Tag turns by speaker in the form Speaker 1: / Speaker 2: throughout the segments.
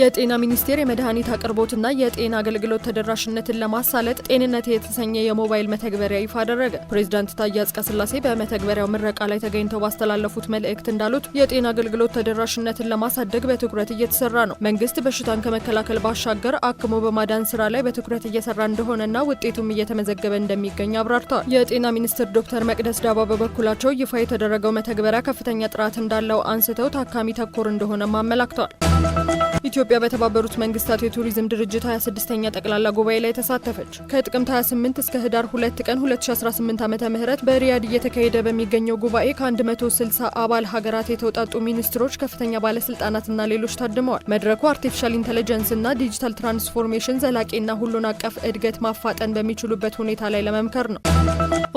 Speaker 1: የጤና ሚኒስቴር የመድኃኒት አቅርቦትና የጤና አገልግሎት ተደራሽነትን ለማሳለጥ ጤንነት የተሰኘ የሞባይል መተግበሪያ ይፋ አደረገ። ፕሬዚዳንት ታዬ አጽቀሥላሴ በመተግበሪያው ምረቃ ላይ ተገኝተው ባስተላለፉት መልእክት እንዳሉት የጤና አገልግሎት ተደራሽነትን ለማሳደግ በትኩረት እየተሰራ ነው። መንግስት በሽታን ከመከላከል ባሻገር አክሞ በማዳን ስራ ላይ በትኩረት እየሰራ እንደሆነና ውጤቱም እየተመዘገበ እንደሚገኝ አብራርተዋል። የጤና ሚኒስትር ዶክተር መቅደስ ዳባ በበኩላቸው ይፋ የተደረገው መተግበሪያ ከፍተኛ ጥራት እንዳለው አንስተው ታካሚ ተኮር እንደሆነም አመላክተዋል። ኢትዮጵያ በተባበሩት መንግስታት የቱሪዝም ድርጅት 26ኛ ጠቅላላ ጉባኤ ላይ ተሳተፈች። ከጥቅምት 28 እስከ ህዳር 2 ቀን 2018 ዓ ም በሪያድ እየተካሄደ በሚገኘው ጉባኤ ከ160 አባል ሀገራት የተውጣጡ ሚኒስትሮች፣ ከፍተኛ ባለስልጣናትና ሌሎች ታድመዋል። መድረኩ አርቲፊሻል እና ዲጂታል ትራንስፎርሜሽን ዘላቂና ሁሉን አቀፍ እድገት ማፋጠን በሚችሉበት ሁኔታ ላይ ለመምከር ነው።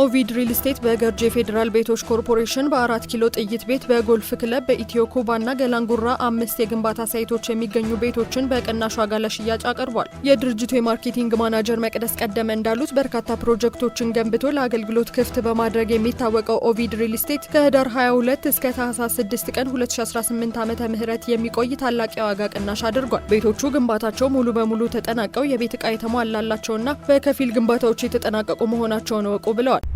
Speaker 1: ኦቪድ ሪል ስቴት በገርጅ የፌዴራል ቤቶች ኮርፖሬሽን በአራት ኪሎ ጥይት ቤት በጎልፍ ክለብ በኢትዮ ኩባና ገላንጉራ አምስት የግንባታ ሳይቶች የሚገ የሚገኙ ቤቶችን በቅናሽ ዋጋ ለሽያጭ አቅርቧል። የድርጅቱ የማርኬቲንግ ማናጀር መቅደስ ቀደመ እንዳሉት በርካታ ፕሮጀክቶችን ገንብቶ ለአገልግሎት ክፍት በማድረግ የሚታወቀው ኦቪድ ሪል ስቴት ከህዳር 22 እስከ ታህሳስ 6 ቀን 2018 ዓመተ ምህረት የሚቆይ ታላቅ የዋጋ ቅናሽ አድርጓል። ቤቶቹ ግንባታቸው ሙሉ በሙሉ ተጠናቀው የቤት ዕቃ የተሟላላቸውና በከፊል ግንባታዎች የተጠናቀቁ መሆናቸውን እወቁ ብለዋል።